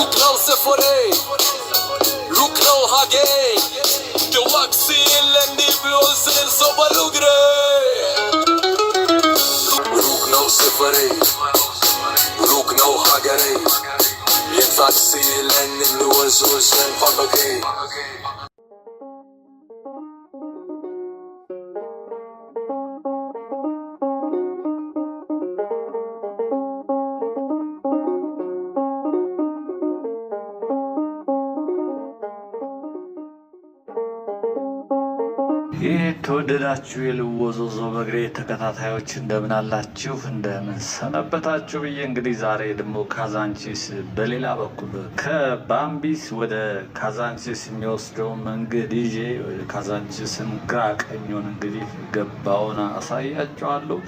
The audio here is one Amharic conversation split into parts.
Lucrau Sephorei, Lucrau Hagei, Te waksiile ndiblusel soba lugrei. Lucrau Sephorei, Lucrau Hagei, Te waksiile ndiblusel soba lugrei. የተወደዳችሁ የልዎ ዞዞ በእግሬ ተከታታዮች እንደምን አላችሁ? እንደምን ሰነበታችሁ? ብዬ እንግዲህ ዛሬ ደግሞ ካዛንቺስ በሌላ በኩል ከባምቢስ ወደ ካዛንቺስ የሚወስደው መንገድ ይዤ ካዛንቺስን ግራ ቀኙን እንግዲህ ገባውን አሳያቸዋለሁ።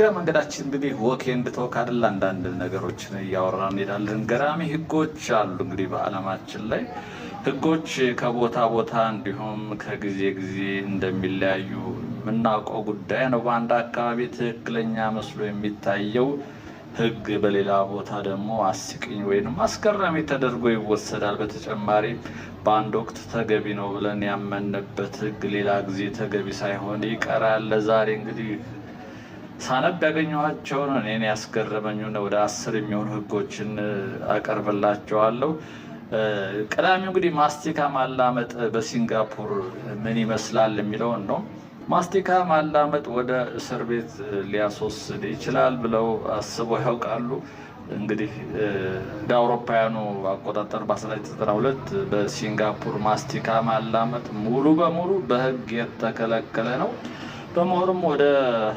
ግራ መንገዳችን እንግዲህ ወኬ እንድትወክ አይደል፣ አንዳንድ ነገሮችን እያወራ እንሄዳለን። ገራሚ ህጎች አሉ እንግዲህ በአለማችን ላይ ህጎች ከቦታ ቦታ እንዲሁም ከጊዜ ጊዜ እንደሚለያዩ የምናውቀው ጉዳይ ነው። በአንድ አካባቢ ትክክለኛ መስሎ የሚታየው ህግ በሌላ ቦታ ደግሞ አስቂኝ ወይም አስገራሚ ተደርጎ ይወሰዳል። በተጨማሪ በአንድ ወቅት ተገቢ ነው ብለን ያመንበት ህግ ሌላ ጊዜ ተገቢ ሳይሆን ይቀራል። ለዛሬ እንግዲህ ሳነብ ያገኘኋቸውን እኔን ያስገረመኙ ወደ አስር የሚሆኑ ህጎችን አቀርብላቸዋለሁ። ቀዳሚው እንግዲህ ማስቲካ ማላመጥ በሲንጋፖር ምን ይመስላል የሚለውን ነው። ማስቲካ ማላመጥ ወደ እስር ቤት ሊያስወስድ ይችላል ብለው አስበው ያውቃሉ? እንግዲህ እንደ አውሮፓውያኑ አቆጣጠር በ1992 በሲንጋፖር ማስቲካ ማላመጥ ሙሉ በሙሉ በሕግ የተከለከለ ነው። በመሆኑም ወደ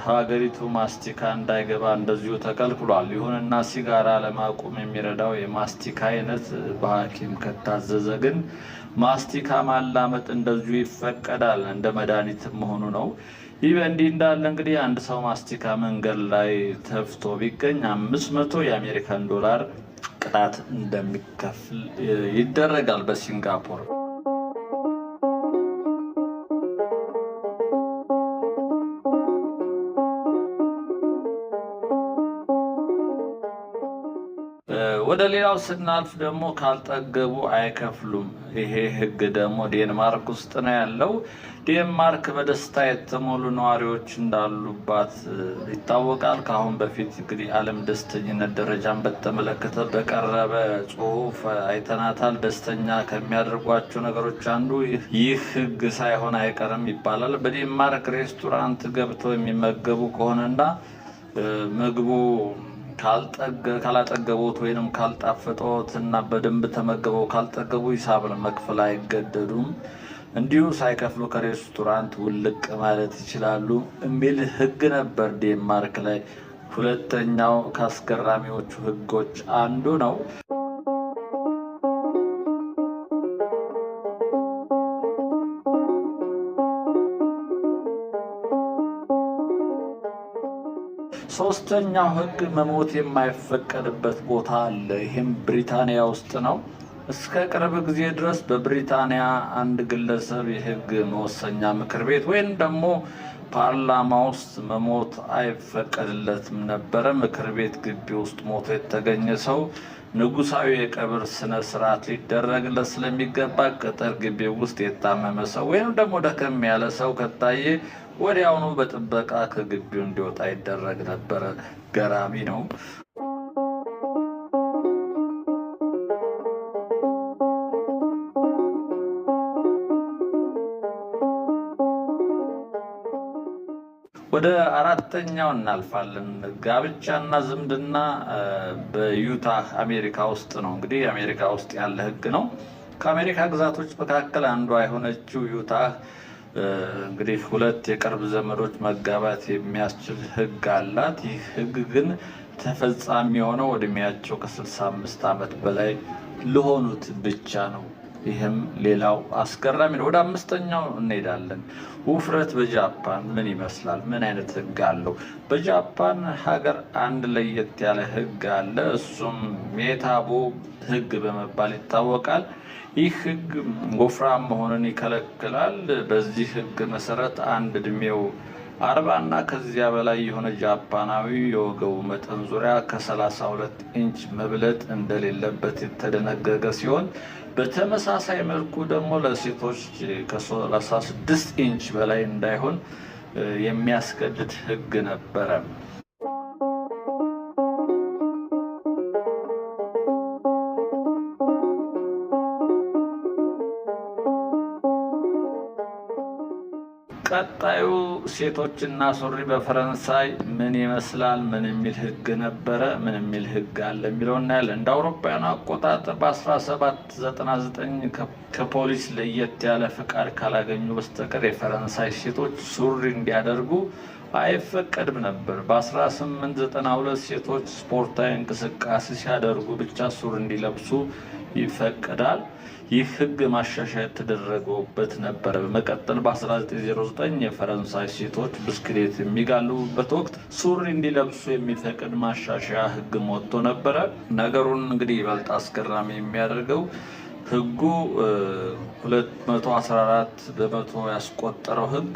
ሀገሪቱ ማስቲካ እንዳይገባ እንደዚሁ ተከልክሏል። ይሁንና ሲጋራ ለማቆም የሚረዳው የማስቲካ አይነት በሐኪም ከታዘዘ ግን ማስቲካ ማላመጥ እንደዚሁ ይፈቀዳል። እንደ መድኃኒት መሆኑ ነው። ይህ በእንዲህ እንዳለ እንግዲህ አንድ ሰው ማስቲካ መንገድ ላይ ተፍቶ ቢገኝ አምስት መቶ የአሜሪካን ዶላር ቅጣት እንደሚከፍል ይደረጋል በሲንጋፖር ወደ ሌላው ስናልፍ ደግሞ ካልጠገቡ አይከፍሉም። ይሄ ህግ ደግሞ ዴንማርክ ውስጥ ነው ያለው። ዴንማርክ በደስታ የተሞሉ ነዋሪዎች እንዳሉባት ይታወቃል። ከአሁን በፊት እንግዲህ ዓለም ደስተኝነት ደረጃን በተመለከተ በቀረበ ጽሁፍ አይተናታል። ደስተኛ ከሚያደርጓቸው ነገሮች አንዱ ይህ ህግ ሳይሆን አይቀርም ይባላል። በዴንማርክ ሬስቶራንት ገብተው የሚመገቡ ከሆነና ምግቡ ካላጠገቦት ወይንም ካልጣፈጠዎት እና በደንብ ተመገበው ካልጠገቡ ሂሳብ መክፈል አይገደዱም። እንዲሁ ሳይከፍሉ ከሬስቶራንት ውልቅ ማለት ይችላሉ የሚል ህግ ነበር ዴንማርክ ላይ። ሁለተኛው ከአስገራሚዎቹ ህጎች አንዱ ነው። ሶስተኛው ህግ መሞት የማይፈቀድበት ቦታ አለ። ይህም ብሪታንያ ውስጥ ነው። እስከ ቅርብ ጊዜ ድረስ በብሪታንያ አንድ ግለሰብ የህግ መወሰኛ ምክር ቤት ወይም ደግሞ ፓርላማ ውስጥ መሞት አይፈቀድለትም ነበረ። ምክር ቤት ግቢ ውስጥ ሞቶ የተገኘ ሰው ንጉሳዊ የቀብር ስነ ስርዓት ሊደረግለት ስለሚገባ ቅጥር ግቢ ውስጥ የታመመ ሰው ወይም ደግሞ ደከም ያለ ሰው ከታየ ወዲያውኑ በጥበቃ ከግቢው እንዲወጣ ይደረግ ነበረ። ገራሚ ነው። ወደ አራተኛው እናልፋለን። ጋብቻና ዝምድና በዩታ አሜሪካ ውስጥ ነው። እንግዲህ አሜሪካ ውስጥ ያለ ህግ ነው። ከአሜሪካ ግዛቶች መካከል አንዷ የሆነችው ዩታ እንግዲህ ሁለት የቅርብ ዘመዶች መጋባት የሚያስችል ህግ አላት። ይህ ህግ ግን ተፈጻሚ የሆነው እድሜያቸው ከ65 ዓመት በላይ ለሆኑት ብቻ ነው። ይህም ሌላው አስገራሚ ነው። ወደ አምስተኛው እንሄዳለን። ውፍረት በጃፓን ምን ይመስላል? ምን አይነት ህግ አለው? በጃፓን ሀገር አንድ ለየት ያለ ህግ አለ። እሱም ሜታቦ ህግ በመባል ይታወቃል። ይህ ህግ ወፍራም መሆንን ይከለክላል። በዚህ ህግ መሰረት አንድ እድሜው አርባ እና ከዚያ በላይ የሆነ ጃፓናዊ የወገቡ መጠን ዙሪያ ከ32 ኢንች መብለጥ እንደሌለበት የተደነገገ ሲሆን በተመሳሳይ መልኩ ደግሞ ለሴቶች ከ36 ኢንች በላይ እንዳይሆን የሚያስገድድ ህግ ነበረ። ቀጣዩ ሴቶችና ሱሪ በፈረንሳይ ምን ይመስላል? ምን የሚል ህግ ነበረ? ምን የሚል ህግ አለ የሚለው እናያለን። እንደ አውሮፓውያኑ አቆጣጠር በ1799 ከፖሊስ ለየት ያለ ፍቃድ ካላገኙ በስተቀር የፈረንሳይ ሴቶች ሱሪ እንዲያደርጉ አይፈቀድም ነበር። በ1892 ሴቶች ስፖርታዊ እንቅስቃሴ ሲያደርጉ ብቻ ሱሪ እንዲለብሱ ይፈቀዳል። ይህ ህግ ማሻሻያ የተደረገበት ነበረ። በመቀጠል በ1909 የፈረንሳይ ሴቶች ብስክሌት የሚጋልቡበት ወቅት ሱሪ እንዲለብሱ የሚፈቅድ ማሻሻያ ህግ ወጥቶ ነበረ። ነገሩን እንግዲህ ይበልጥ አስገራሚ የሚያደርገው ህጉ 214 በመቶ ያስቆጠረው ህግ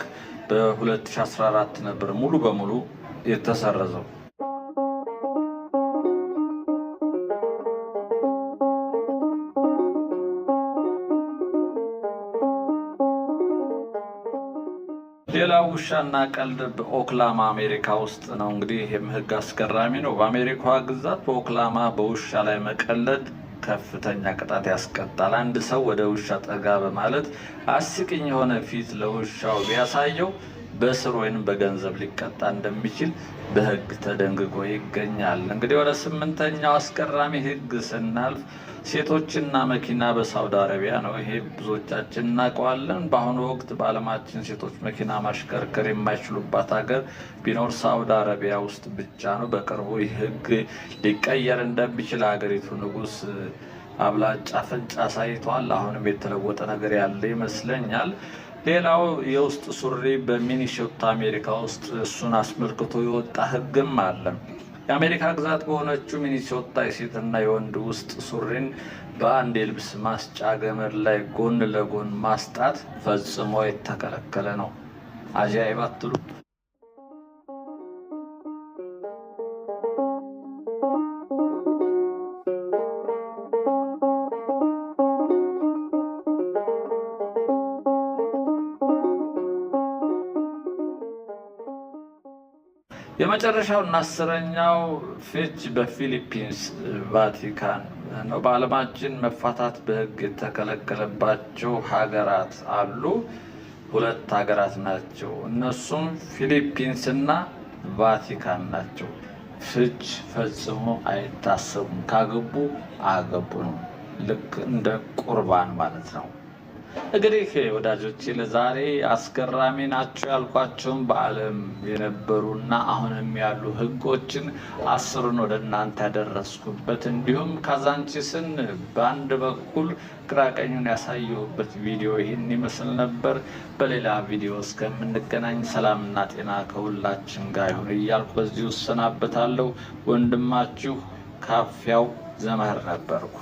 በ2014 ነበር ሙሉ በሙሉ የተሰረዘው። ውሻና ቀልድ በኦክላማ አሜሪካ ውስጥ ነው እንግዲህ ይህም ህግ አስገራሚ ነው። በአሜሪካ ግዛት በኦክላማ በውሻ ላይ መቀለድ ከፍተኛ ቅጣት ያስቀጣል። አንድ ሰው ወደ ውሻ ጠጋ በማለት አስቂኝ የሆነ ፊት ለውሻው ቢያሳየው በእስር ወይንም በገንዘብ ሊቀጣ እንደሚችል በህግ ተደንግጎ ይገኛል። እንግዲህ ወደ ስምንተኛው አስገራሚ ህግ ስናልፍ ሴቶችና መኪና በሳውዲ አረቢያ ነው። ይሄ ብዙዎቻችን እናውቀዋለን። በአሁኑ ወቅት በዓለማችን ሴቶች መኪና ማሽከርከር የማይችሉባት ሀገር ቢኖር ሳውዲ አረቢያ ውስጥ ብቻ ነው። በቅርቡ ይህ ህግ ሊቀየር እንደሚችል ሀገሪቱ ንጉስ አብላጫ ፍንጭ አሳይቷል። አሁንም የተለወጠ ነገር ያለ ይመስለኛል። ሌላው የውስጥ ሱሪ በሚኒሶታ አሜሪካ ውስጥ እሱን አስመልክቶ የወጣ ህግም አለ። የአሜሪካ ግዛት በሆነችው ሚኒሶታ የሴትና የወንድ ውስጥ ሱሪን በአንድ የልብስ ማስጫ ገመድ ላይ ጎን ለጎን ማስጣት ፈጽሞ የተከለከለ ነው። አጃይብ የመጨረሻው እና አስረኛው ፍች በፊሊፒንስ ቫቲካን ነው። በዓለማችን መፋታት በሕግ የተከለከለባቸው ሀገራት አሉ። ሁለት ሀገራት ናቸው። እነሱም ፊሊፒንስ እና ቫቲካን ናቸው። ፍች ፈጽሞ አይታሰቡም። ካገቡ አገቡ ነው። ልክ እንደ ቁርባን ማለት ነው። እንግዲህ ወዳጆች ለዛሬ አስገራሚ ናቸው ያልኳቸውን በዓለም የነበሩና አሁንም ያሉ ህጎችን አስሩን ወደ እናንተ ያደረስኩበት እንዲሁም ካዛንቺስን በአንድ በኩል ግራቀኙን ያሳየሁበት ቪዲዮ ይህን ይመስል ነበር። በሌላ ቪዲዮ እስከምንገናኝ ሰላምና ጤና ከሁላችን ጋር ይሁን እያልኩ በዚሁ እሰናበታለሁ። ወንድማችሁ ካፊያው ዘመር ነበርኩ።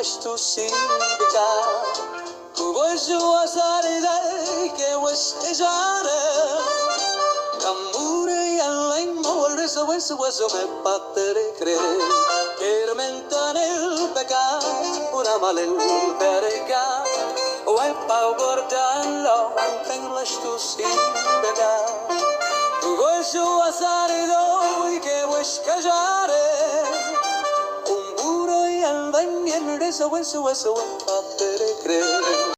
managed to see the guy who was the was that it was his honor. Cambure y al lengo el rezo, hueso, hueso me pateré creer. Que mentan el pecado, una malenverga. Huepa gordarlo, tenlas tu sin pegar. Hueso azarido y que hues callaré. And I'm andan bien, eso, eso, eso, eso,